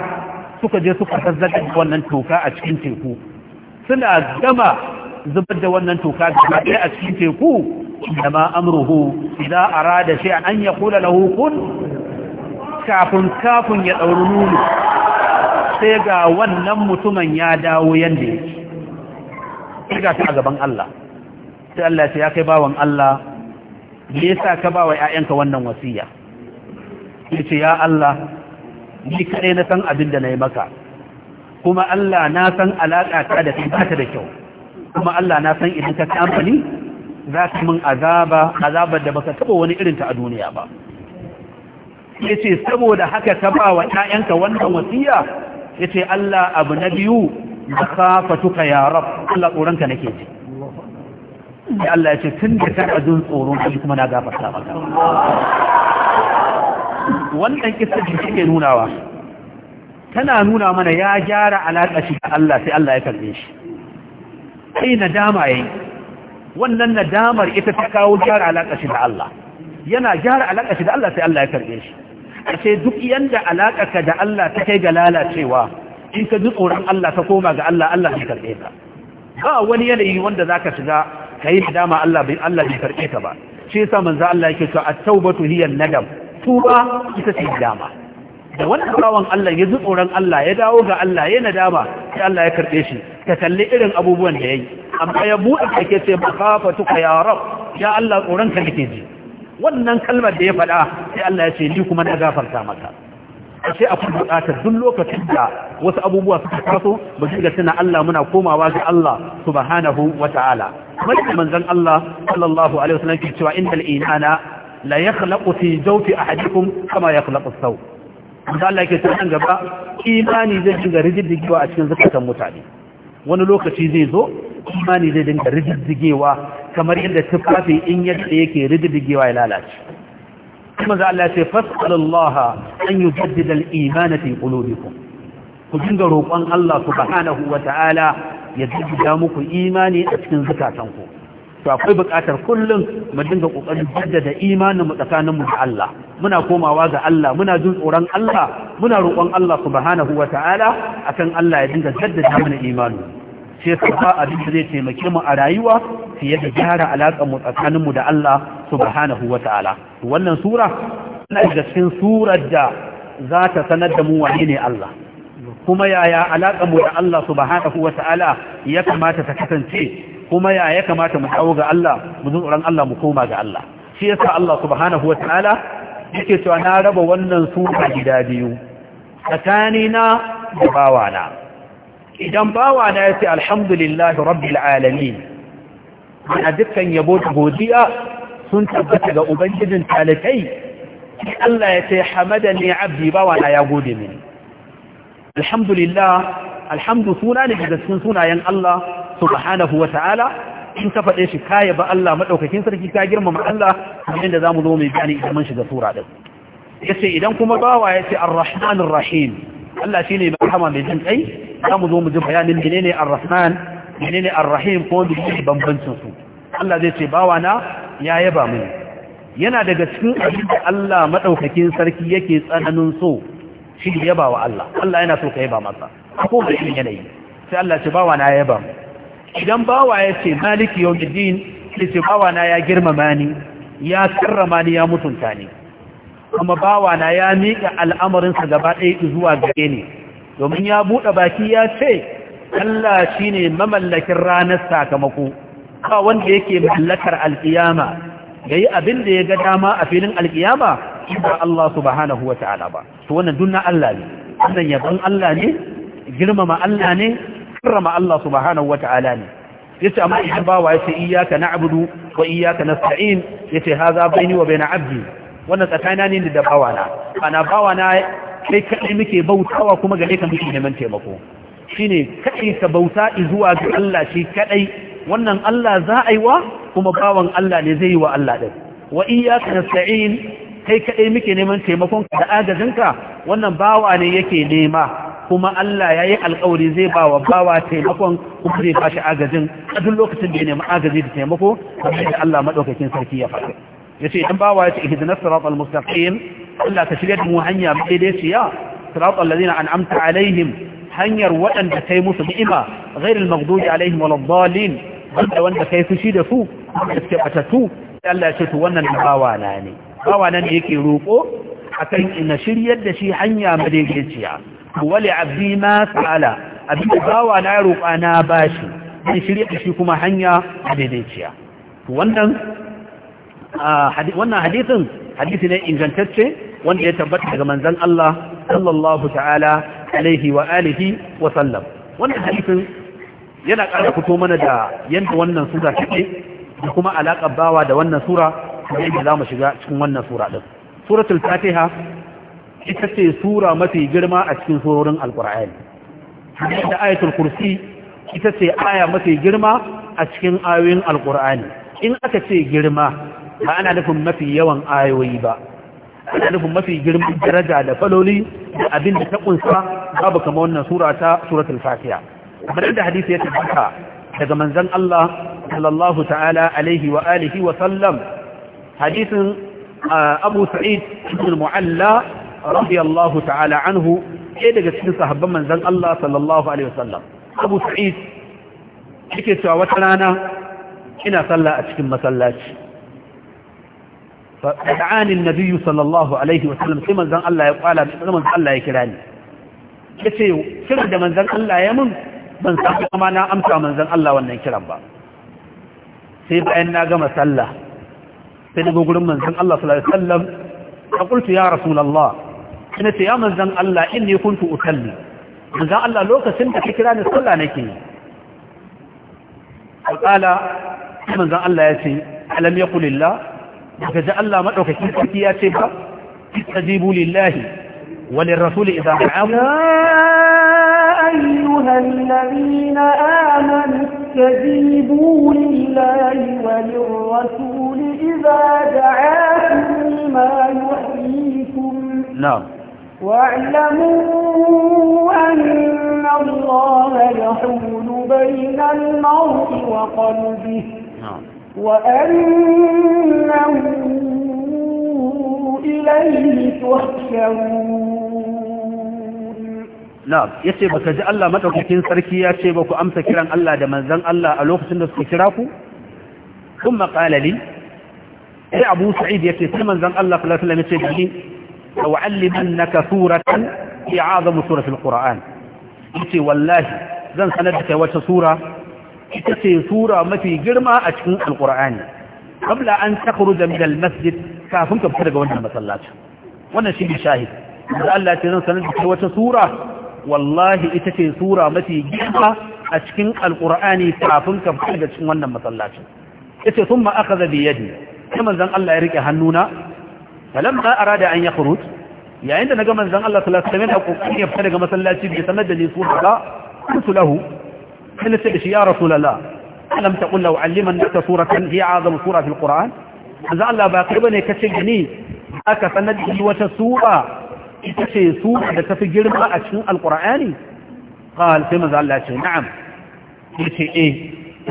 suka je suka zazzaga wannan toka a cikin teku suna gama zubar da wannan toka da a cikin teku da ma amruhu idan arada shi an ya kula lahu kun kafin kafin ya ɗauri nuni sai ga wannan mutumin ya dawo yadda yake sai ga a gaban Allah sai Allah ya kai bawan Allah me yasa ka ba wa ƴaƴanka wannan wasiya yace ya Allah ni kaɗai na san abin da na yi maka kuma Allah na san alaƙa ta da ba ta da kyau kuma Allah na san idan ka kamfani za ka min azaba azabar da baka taɓa wani irin ta a duniya ba ya ce saboda haka ka ba wa ‘ya'yanka wannan wasiya ya ce Allah abu na biyu da kafatuka ya rab Allah tsoronka nake ji Allah ya ce tun da ka ɗazin tsoron kuma na gafarta maka wannan kisa da take nunawa tana nuna mana ya gyara alaƙa shi da Allah sai Allah ya karbe shi sai nadama ya yi. wannan nadamar ita ta kawo gyara alaƙa shi da Allah yana gyara alaƙa shi da Allah sai Allah ya karbe shi ashe duk yanda alaƙarka da Allah ta kai ga lalacewa in ka ji tsoron Allah ka koma ga Allah Allah ya karbe ka ba wani yanayi wanda za ka shiga kai nadama Allah bai Allah bai karbe ka ba shi yasa manzo Allah yake cewa at-taubatu hiya an-nadam tuba ita ce dama da wannan bawan Allah ya ji tsoron Allah ya dawo ga Allah ya nadama sai Allah ya karbe shi ta kalli irin abubuwan da yayi amma ya buɗe kake ce makafatuka ya rab ya Allah tsoron ka nake ji wannan kalmar da ya faɗa sai Allah ya ce ni kuma na gafarta maka sai a kuma buƙatar duk lokacin da wasu abubuwa suka taso su dinga tuna Allah muna komawa ga Allah subhanahu wata'ala kamar manzon Allah sallallahu alaihi wasallam ke cewa innal imana la yakhlaqu fi jawfi ahadikum kama yakhlaqu as-saw da Allah yake cewa nan gaba imani zai dinga rijidigewa a cikin zakatan mutane wani lokaci zai zo imani zai dinga rijidigewa kamar yadda tufafi in yadda yake rijidigewa ya lalace kuma za Allah ce fasalallah an yujaddida al-iman fi qulubikum ku dinga roƙon Allah subhanahu wa ta'ala ya jaddida muku imani a cikin zakatanku to akwai buƙatar kullum mu dinga kokarin jaddada imanin mu tsakanin mu da Allah muna komawa ga Allah muna jin tsoron Allah muna roƙon Allah subhanahu wata'ala akan Allah ya dinga jaddada mana imani sai kuma abin da zai taimake mu a rayuwa fiye da gyara alaƙar mu tsakanin mu da Allah subhanahu wata'ala wannan sura tana daga cikin surar da za ta sanar da mu wane ne Allah kuma yaya alaƙar mu da Allah subhanahu wata'ala ya kamata ta kasance kuma ya ya kamata mu dawo ga Allah mu ji Allah mu koma ga Allah shi yasa Allah subhanahu wataala yake cewa na raba wannan suna gida biyu tsakani na da bawana idan bawana ya ce alhamdulillah rabbil alamin ana dukkan yabo da godiya sun tabbata ga ubangijin talakai Allah ya ce hamadani abdi na ya gode mini alhamdulillah alhamdu suna ne daga cikin sunayen Allah subhanahu wa ta'ala in ka faɗe shi ka yaba Allah maɗaukakin sarki ka girmama Allah kamar da zamu zo mai bayani idan shiga sura ya yace idan kuma bawa yace ar-rahman rahim Allah mai rahama mai jin kai zamu zo mu ji bayanin menene ar-rahman menene ar-rahim ko menene bambancin su Allah zai ce bawa na ya yaba mini yana daga cikin abin da Allah maɗaukakin sarki yake tsananin so shi yaba wa Allah Allah yana so ka yaba masa Ko kowane yanayi sai Allah ce bawa na ya yaba idan bawa ya ce maliki yau jidin ce bawana ya girmama ni ya karrama ni ya mutunta ni kuma bawana ya miƙa al'amarinsa gaba ɗaya zuwa gare ni domin ya buɗe baki ya ce Allah shi ne mamallakin ranar sakamako ba wanda yake mallakar alƙiyama ya yi abin da ya ga dama a filin alƙiyama ba Allah su subhanahu wa ta'ala ba to wannan dunna Allah ne wannan yabon Allah ne girmama Allah ne karrama Allah subhanahu wata'ala ne yace amma idan bawa yace iyyaka na'budu wa iyyaka nasta'in yace haza baini wa baina abdi wannan tsakaina ne da bawana ana bawana kai kadai muke bautawa kuma gare ka muke neman taimako shine kadai ka bauta zuwa ga Allah shi kadai wannan Allah za a yi wa kuma bawan Allah ne zai yi wa Allah din wa iyyaka nasta'in kai kaɗai muke neman taimakonka da agajinka wannan bawa ne yake nema kuma Allah ya yi alkawari zai ba wa bawa taimakon kuma zai bashi agajin a duk lokacin da ya nemi agaji da taimako kamar da Allah maɗaukakin sarki ya faɗi ya ce idan bawa ya ce ihidina siratal mustaqim Allah ka shirya da mu hanya madaidaiciya siratal ladina an'amta alaihim hanyar waɗanda kai musu ni'ima ghairil maghdubi alaihim waladdallin wanda wanda kai fushi da su da suke batatu Allah ya ce to wannan bawa na ne bawa nan da yake roƙo akan ina shiryar da shi hanya madaidaiciya Wale abdi ma sa'ala abin da bawa na roƙa na bashi zan shirya da shi kuma hanya madaidaiciya wannan wannan hadisin hadisi ne ingantacce wanda ya tabbata daga manzan Allah sallallahu ta'ala alaihi wa alihi wa sallam wannan hadisin yana ƙara fito mana da yanda wannan sura take da kuma alaƙar bawa da wannan sura kamar da za mu shiga cikin wannan sura ɗin suratul fatiha ita ce sura mafi girma a cikin surorin alkur'ani da ayatul kursi ita ce aya mafi girma a cikin ayoyin alkur'ani in aka ce girma ba ana nufin mafi yawan ayoyi ba ana nufin mafi girman daraja da faloli da abin da ta kunsa babu kama wannan sura ta suratul fatiha kamar da hadisi ya tabbata daga manzon Allah sallallahu ta'ala alaihi wa alihi wa sallam hadisin uh, abu sa'id ibn mu'alla radiyallahu ta'ala anhu ɗaya daga cikin sahabban manzon Allah sallallahu alaihi wasallam abu sa'id yake cewa wata rana ina sallah a sai manzon Allah ya kwala manzon kira ni yace kira da manzon Allah ya mun ban san kuma na amsa Manzan Allah wannan kiran ba sai bayan na gama sallah سيدي بقول من صلى الله عليه وسلم فقلت يا رسول الله كنت يا من زن الله إني كنت أتلي من الله لو سنت فكراني نصلى عليك فقال من زن الله يسي ألم يقل الله فجاء الله مدعوك كيف يا شيخ استجيبوا لله وللرسول إذا دعاه يا أيها فاستجيبوا لله وللرسول إذا دعاكم ما يحييكم نعم واعلموا أن الله يحول بين المرء وقلبه نعم وأنه إليه تحشرون na'am yace baka ji Allah madaukakin sarki ya ce ba ku amsa kiran Allah da manzon Allah a lokacin da suka kira ku kuma qala li sai Abu Sa'id yace sai manzon Allah sallallahu alaihi wasallam yace da ni wa'allimannaka suratan i'azamu suratul qur'an yace wallahi zan sanar da kai wata sura ita ce sura mafi girma a cikin alqur'ani qabla an takhruja min almasjid kafin ka fita daga wannan masallaci wannan shi ne shahid da Allah ya ce zan sanar da kai wata sura wallahi ita ce sura mafi girma a cikin alkur'ani kafin ka fita daga cikin wannan masallacin yace thumma akhadha bi yadi sai manzon Allah ya rike hannuna falamma arada an furut yayin da naga manzon Allah sallallahu alaihi wasallam ya fita daga masallaci bai sanar da ni sura ba kuntu lahu kana sai shi ya rasulullah alam taqul law allimannaka suratan hiya azam sura fil qur'an manzon Allah ba kai ka kace ni aka sanar da wata sura ita ce su da tafi girma a cikin alkur'ani qal sai manzo Allah ce na'am yace eh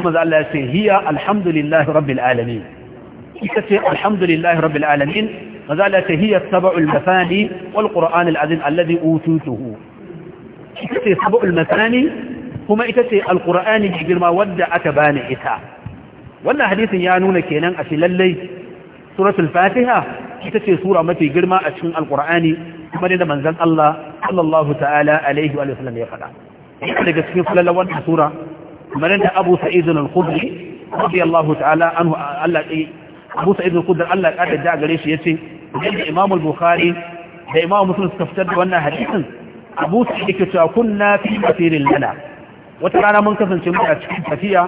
maza Allah ce hiya alhamdulillahi rabbil alamin ita ce alhamdulillahi rabbil alamin maza Allah ce hiya sab'ul masani wal qur'an alazim alladhi ututuhu ita ce sab'ul masani kuma ita ce alkur'ani da girma wanda aka bani ita wannan hadisin ya nuna kenan a shi lallai suratul fatiha ita ce sura mafi girma a cikin alkur'ani kamar yadda manzon Allah sallallahu ta'ala alaihi wa sallam ya faɗa daga cikin falalar wannan sura kamar yadda Abu Sa'id al-Khudri radiyallahu ta'ala anhu Allah Abu Sa'id al-Khudri Allah ya kada da gare shi yace yadda Imam al-Bukhari da Imam Muslim suka fitar da wannan hadisin Abu Sa'id yake cewa kunna fi masirin lana wata rana mun kasance mu a cikin tafiya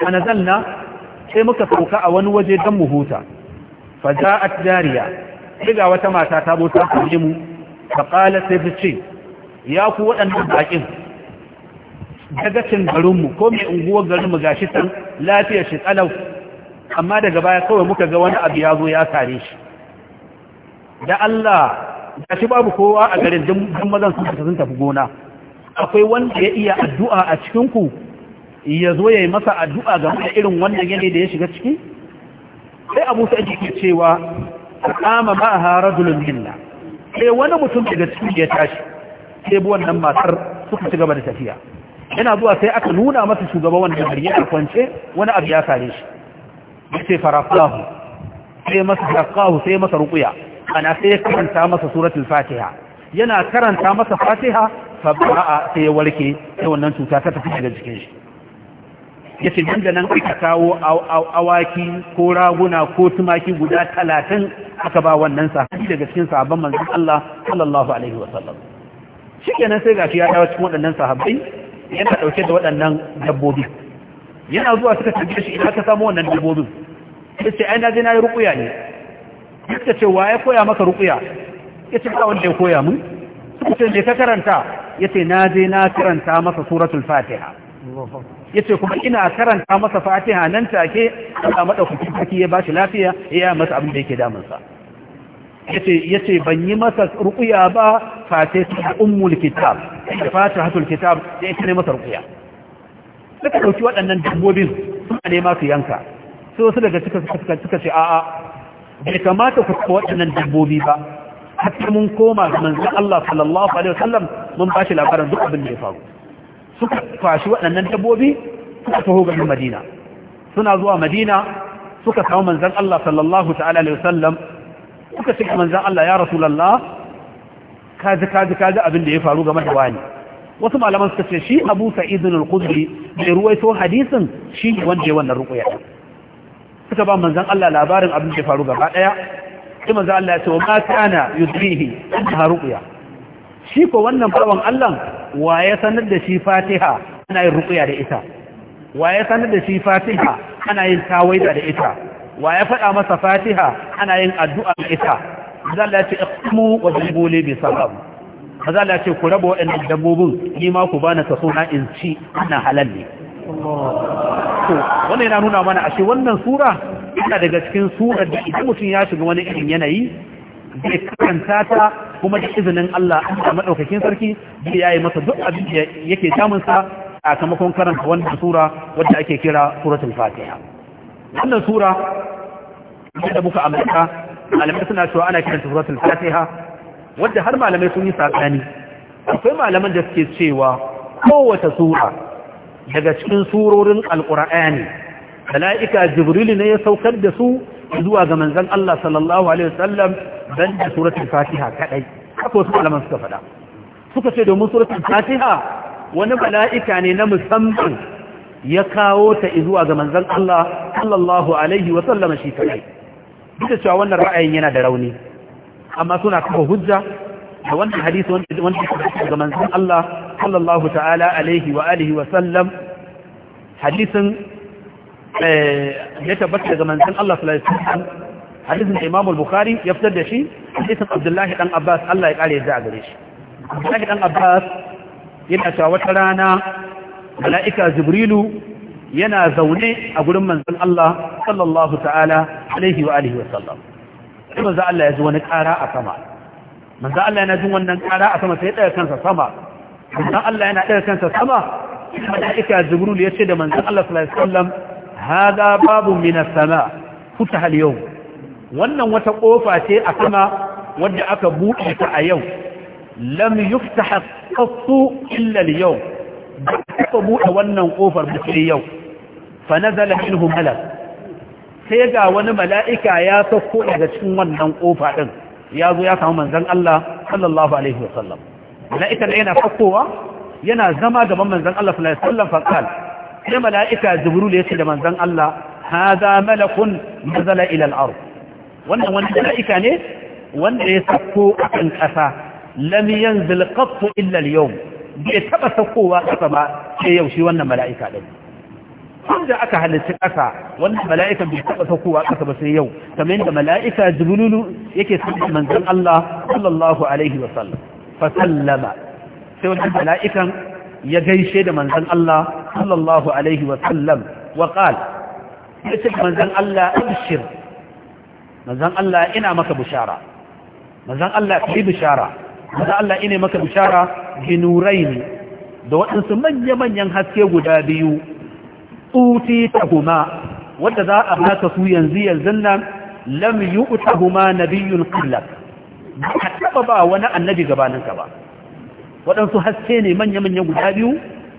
a nazalna sai muka sauka a wani waje don mu huta fa ja'at jariya sai ga wata mata ta zo ta kalle mu faƙala sai fi ce ya ku waɗannan baƙin dagacin garinmu ko mai unguwar garinmu ga shi san lafiyar shi tsalau amma daga baya kawai muka ga wani abu ya zo ya sare shi da Allah ga shi babu kowa a garin don mazan sun tafi gona akwai wanda ya iya addu'a a cikinku ya zo ya yi masa addu'a ga da irin wannan yanayi da ya shiga ciki? sai abu sa ke cewa a kama ba a harajulun minna sai wani mutum daga cikin ya tashi sai bi wannan matar suka ci gaba da tafiya yana zuwa sai aka nuna masa shugaba wannan gari ya kwance wani abu ya kare shi ya ce farafahu sai masa harkahu sai masa rukuya ana sai ya karanta masa suratul fatiha yana karanta masa fatiha fa ba'a sai ya warke sai wannan cuta ta tafi daga jikin shi ya ce nan da nan aka kawo awaki ko raguna ko tumaki guda talatin aka ba wannan sahabi daga cikin sahabban manzon Allah sallallahu alaihi wasallam shikenan sai gashi ya dawo cikin waɗannan sahabbai yana dauke da waɗannan dabbobi yana zuwa suka tambaye shi idan ka samu wannan dabbobin sai ce ai na je na yi rukuya ne suka ce wa ya koya maka ya yace ba wanda ya koya mun suka ce je ka karanta yace na je na karanta maka suratul fatiha Ya ce kuma ina karanta masa fatiha nan take a madaukakin sarki ya bashi lafiya ya masa abin da yake damun sa yace ban yi masa ruqya ba fatiha ummul kitab fatihatul kitab da ita ne masa ruqya suka ɗauki waɗannan dabbobin suna nema su yanka sai wasu daga suka suka suka ce a'a bai kamata ku taɓa waɗannan dabbobi ba hatta mun koma ga manzon Allah sallallahu alaihi wasallam mun bashi labarin duk abin da ya faru suka fashi waɗannan dabbobi suka taho garin madina suna zuwa madina suka samu manzan Allah sallallahu ta'ala alaihi wasallam suka ce manzan Allah ya rasulullah kaji kaji kaji abin da ya faru game da wani wasu malaman suka ce shi Abu Sa'id al-Khudri bai ruwaito hadisin shi wanda ya wannan ruqya suka ba manzan Allah labarin abin da ya faru gaba daya sai manzan Allah ya ce ma kana yudrihi annaha ruqya shi ko wannan bawan Allah wa ya sanar da shi fatiha ana yin rukuya da ita wa ya sanar da shi fatiha ana yin tawaida da ita wa ya faɗa masa fatiha ana yin addu'a da ita zalla ce iqmu wa zambuli bi sabab zalla ce ku raba waɗannan dabbobin ni ma ku bani ta suna in ci ana halal ne wannan yana nuna mana a shi wannan sura ina daga cikin surar da idan mutum ya shiga wani irin yanayi zai karanta ta kuma da izinin Allah da maɗaukakin sarki zai yayi masa duk abin da yake damun sa sakamakon karanta wannan sura wadda ake kira suratul fatiha wannan sura da muka amsa malamai suna cewa ana kiranta suratul fatiha wadda har malamai sun yi sakani akwai malaman da suke cewa kowace sura daga cikin surorin alkur'ani mala'ika jibril ne ya saukar da su zuwa ga manzon Allah sallallahu alaihi wasallam dan da suratul fatiha kadai haka wasu malaman suka faɗa suka ce domin suratul fatiha wani mala'ika ne na musamman ya kawo ta zuwa ga manzon Allah sallallahu alaihi wa sallama shi kadai duk da cewa wannan ra'ayin yana da rauni amma suna kafa hujja da wannan hadisi wanda ya ga manzon Allah sallallahu ta'ala alaihi wa alihi wa sallam hadisin eh, ya tabbata daga manzon Allah sallallahu alaihi wa sallam hadisin da Imam al-Bukhari ya fitar da shi hadisin Abdullahi dan Abbas Allah ya kare ya a gare shi Abdullahi dan Abbas yana cewa wata rana mala'ika Jibrilu yana zaune a gurin manzon Allah sallallahu ta'ala alaihi wa alihi wa sallam sai manzon Allah ya ji wani ƙara a sama manzon Allah yana jin wannan ƙara a sama sai ya ɗaga kansa sama manzon Allah yana ɗaga kansa sama mala'ika Jibrilu ya ce da manzon Allah sallallahu alaihi wa sallam hada babu min as-sama futaha al-yawm wannan wata kofa ce a sama wadda aka buɗe ta a yau lam yuftaha qattu illa al-yawm aka buɗe wannan kofar sai yau fa nazala minhu malak sai ga wani mala'ika ya sauko daga cikin wannan kofa din ya zo ya samu manzon Allah sallallahu alaihi wasallam mala'ika da yana fakowa yana zama gaban manzon Allah sallallahu alaihi wasallam fa qala sai mala'ika jibril ya ce da manzon Allah hadha malakun nazala ila al-ard wannan wani mala'ika ne wanda ya sako a kan ƙasa lam yanzil qattu illa al-yawm bai taba sakowa ƙasa ba sai yau shi wannan mala'ika din da aka halarci ƙasa wannan mala'ika bai taɓa saukowa ƙasa ba sai yau kamar yadda mala'ika jibrilu yake sanar manzon Allah sallallahu alaihi wa sallam fa sallama sai wannan mala'ikan ya gaishe da manzon Allah sallallahu alaihi wa sallam wa qala yace manzon Allah abshir manzon Allah ina maka bishara manzon Allah kai bishara manzon Allah ina maka bishara ginuraini da waɗansu manya-manyan haske guda biyu uti tahuma wadda za a baka su yanzu yanzu nan lam yu'tahuma nabiyyun qablak ba ka taba ba wani annabi gabaninka ba waɗansu haske ne manya-manyan guda biyu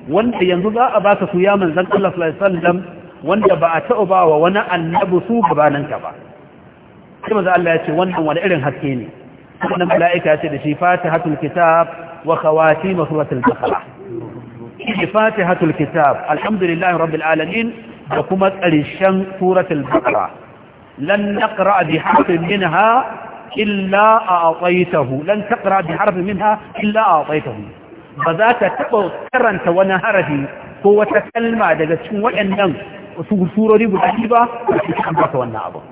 wanda yanzu za a baka su ya manzan Allah sallallahu wanda ba a taɓa ba wa wani annabi su gabaninka ba sai maza Allah ya ce wannan wani irin haske ne wannan mala'ika ya ce da shi fatihatul kitab wa khawatim suratul baqara shi fatihatul kitab alhamdulillahi rabbil alamin da kuma ƙarshen suratul baqara lan naqra bi harfin minha illa a'taytahu lan taqra bi harfin minha illa a'taytahu ba za ta taba karanta wani harafi ko wata kalma daga cikin waɗannan surori guda ba a cikin ambata wannan abu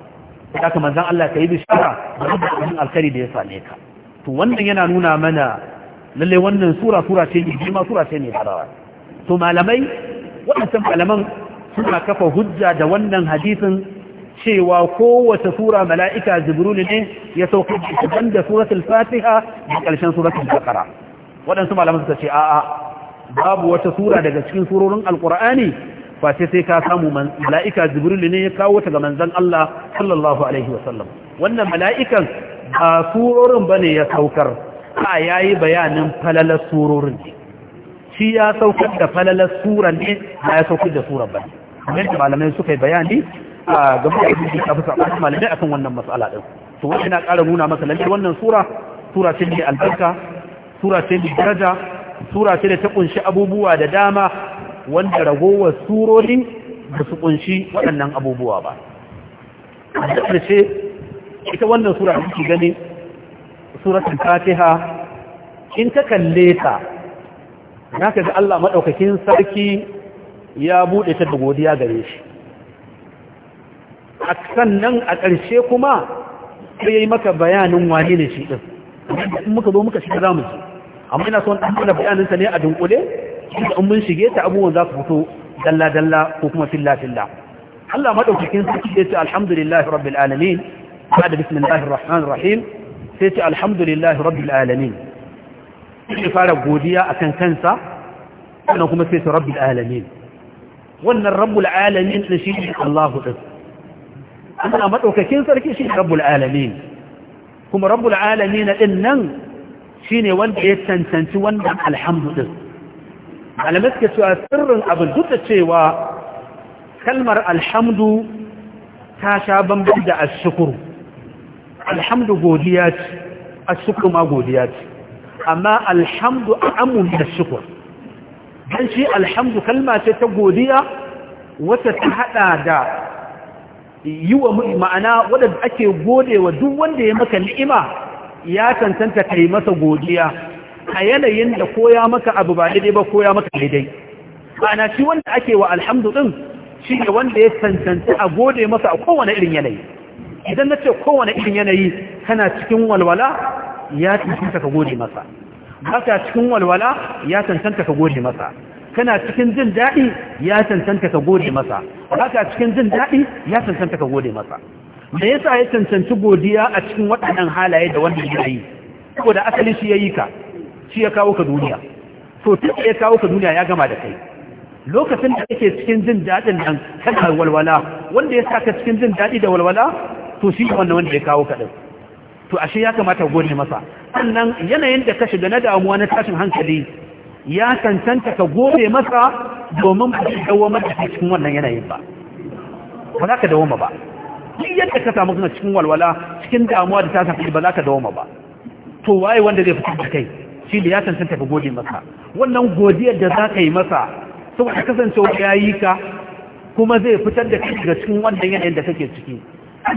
da ka manzan Allah ka yi bishara da abin alkhairi da ya same ka to wannan yana nuna mana lalle wannan sura sura ce ne jima sura ce ne harawa to malamai waɗannan malaman suna kafa hujja da wannan hadisin cewa kowace sura mala'ika jibril ne ya sauka daban da suratul fatiha da ƙarshen suratul baqara waɗansu malaman suka ce a'a babu wata sura daga cikin surorin alqur'ani face sai ka samu mala'ika jibril ne ya kawo ta ga manzan Allah sallallahu alaihi wasallam wannan mala'ikan ba surorin bane ya saukar ya yi bayanin falalar surorin shi ya saukar da falalar suran ne ba ya saukar da ba ne. kamar malamai suka yi bayani a game da abin da ya fi sabon malamai akan wannan matsala din to wani na ƙara nuna masa lalle wannan sura sura ce mai albarka sura ce mai daraja sura ce da ta kunshi abubuwa da dama wanda ragowar surori ba su kunshi waɗannan abubuwa ba a ƙarshe ita wannan sura da kuke gani suratul fatiha in ka kalle ta na ka ga Allah maɗaukakin sarki ya buɗe ta da godiya gare shi a sannan a ƙarshe kuma sai ya yi maka bayanin wani ne shi ɗin muka zo muka shi za mu ji amma ina son ɗan bayaninsa ne a dunkule inda in mun shige ta abubuwan za su fito dalla-dalla ko kuma filla-filla Allah maɗaukakin sarki ya ce alhamdulillahi rabbil alamin ba da bismillahir rahmanir rahim sai ce alhamdulillahi rabbil alamin sai fara godiya a kan kansa sannan kuma sai ce rabbil alamin wannan rabbul alamin na shi ne Allah din Allah madaukakin sarki shi rabbul alamin kuma rabbul alamin din nan ne wanda ya tantance wannan alhamdu malamai suka cewa sirrin abin duk da cewa kalmar alhamdu ta sha bambam da ashukuru alhamdu godiya ce ashukuru ma godiya ce amma alhamdu amun da shukur dan shi alhamdu kalma ce ta godiya wata ta hada da yi wa ma'ana wadda ake godewa duk wanda ya maka ni'ima ya tantanta kai masa godiya a yanayin da koya maka abu ba daidai ba koya maka daidai Ba ana shi wanda ake wa alhamdu din shi ne wanda ya cancanci a gode masa a kowane irin yanayi idan na ce kowane irin yanayi kana cikin walwala ya cancanta ka gode masa baka cikin walwala ya cancanta ka gode masa kana cikin jin daɗi ya cancanta ka gode masa baka cikin jin daɗi ya cancanta ka gode masa me yasa ya cancanci godiya a cikin waɗannan halaye da wanda ya yi saboda asalin shi ya yi ka shi ya kawo ka duniya to tun da ya kawo ka duniya ya gama da kai lokacin da kake cikin jin daɗin nan kana walwala wanda ya saka cikin jin daɗi da walwala to shi wannan wanda ya kawo ka din to ashe ya kamata gode masa sannan yanayin da ka shiga na damuwa na tashin hankali ya cancanta ka gode masa domin ba zai mata da cikin wannan yanayin ba ba za ka dawoma ba duk yadda ka samu suna cikin walwala cikin damuwa da tashin hankali ba za ka dawoma ba to waye wanda zai fitar da kai shi da ya cancanta ka gode masa wannan godiyar da za ka yi masa saboda kasancewa ya yi ka kuma zai fitar da ga cikin wannan yanayin da kake ciki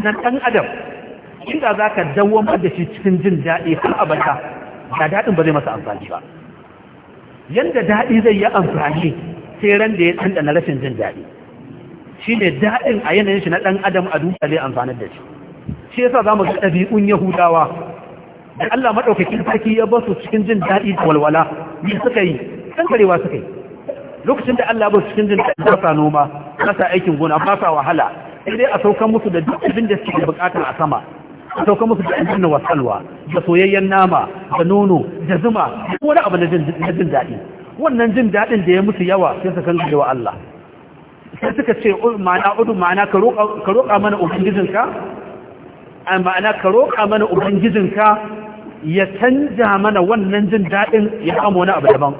Nan ɗan adam da za ka dawamar da shi cikin jin daɗi har abata da daɗin ba zai masa amfani ba yadda daɗi zai yi amfani sai ran da ya na rashin jin daɗi shi ne daɗin a yanayin shi na ɗan adam a duniya zai amfani da shi shi yasa za mu ga ɗabi'un yahudawa da Allah madaukakin sarki ya basu cikin jin daɗi da walwala ni suka yi Ɗan kankarewa suka yi lokacin da Allah ba su cikin jin daɗi da sa noma ba sa aikin gona ba sa wahala sai dai a saukan musu da duk abin da suke bukata a sama a saukan musu da aljanna wasalwa da soyayyen nama da nono da zuma da wani abu na jin daɗi wannan jin daɗin da ya musu yawa sai su kankarewa wa Allah sai suka ce ma'ana udu ma'ana ka roƙa mana ubangijinka ma'ana ka roƙa mana ubangijinka ya canja mana wannan jin daɗin ya kama wani abu daban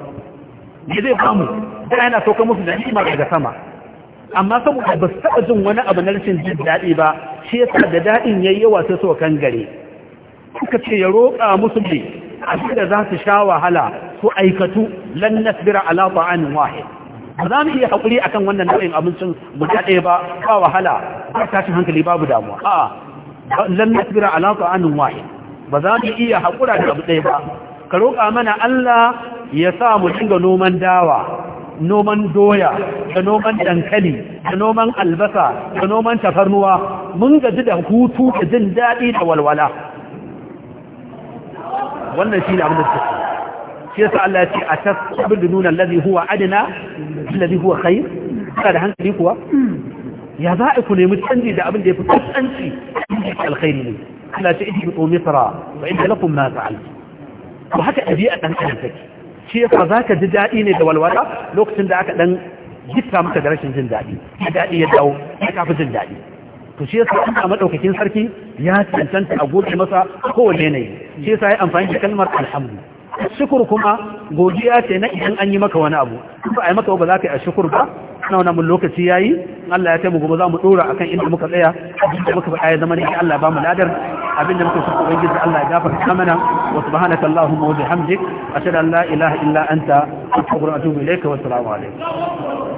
ne zai kamu da yana saukar musu da ni'ima daga sama amma saboda ba su taɓa jin wani abu na rashin jin daɗi ba shi yasa da daɗin ya yi yawa sai so kan gare suka ce ya roƙa musu ne shi da za su sha wahala su aikatu lan nasbira ala ta'amin wahid ba za mu iya haƙuri akan wannan nau'in abincin mu ba ba wahala ba tashin hankali babu damuwa a'a lan nasbira ala ta'amin wahid ba za mu iya haƙura da abu ɗaya ba ka roƙa mana Allah ya sa mu dinga noman dawa noman doya da noman dankali da noman albasa da noman tafarnuwa mun gaji da hutu da jin daɗi da walwala wannan shi ne abin da suke shi yasa Allah ya ce a ta da nuna allazi huwa adina allazi huwa khair kada da hankali kuwa hmm. ya za a ku nemi canji da abin da ya fi kusanci alkhairi ne ana ta ihi bito misra wa inda lakum ma fa'al to haka a ɗan adam take shi yasa zaka ji daɗi ne da walwala lokacin da aka ɗan gitta maka da rashin jin daɗi ya daɗi ya dawo ya kafi jin daɗi to shi yasa an sarki ya cancanta a goge masa kowane yanayi shi yasa ya amfani da kalmar alhamdu shukur kuma godiya ce na idan an yi maka wani abu ba a yi maka ba za ka yi a shukur ba na wannan mun lokaci yayi Allah ya taimu gobe za mu dora akan inda muka tsaya da muka faɗa ya zama ne Allah ba mu ladar abinda muka so ubangiji Allah ya gafarta mana wa subhanaka allahumma wa bihamdik ashhadu an la ilaha illa anta astaghfiruka wa atubu ilayka wa assalamu alaikum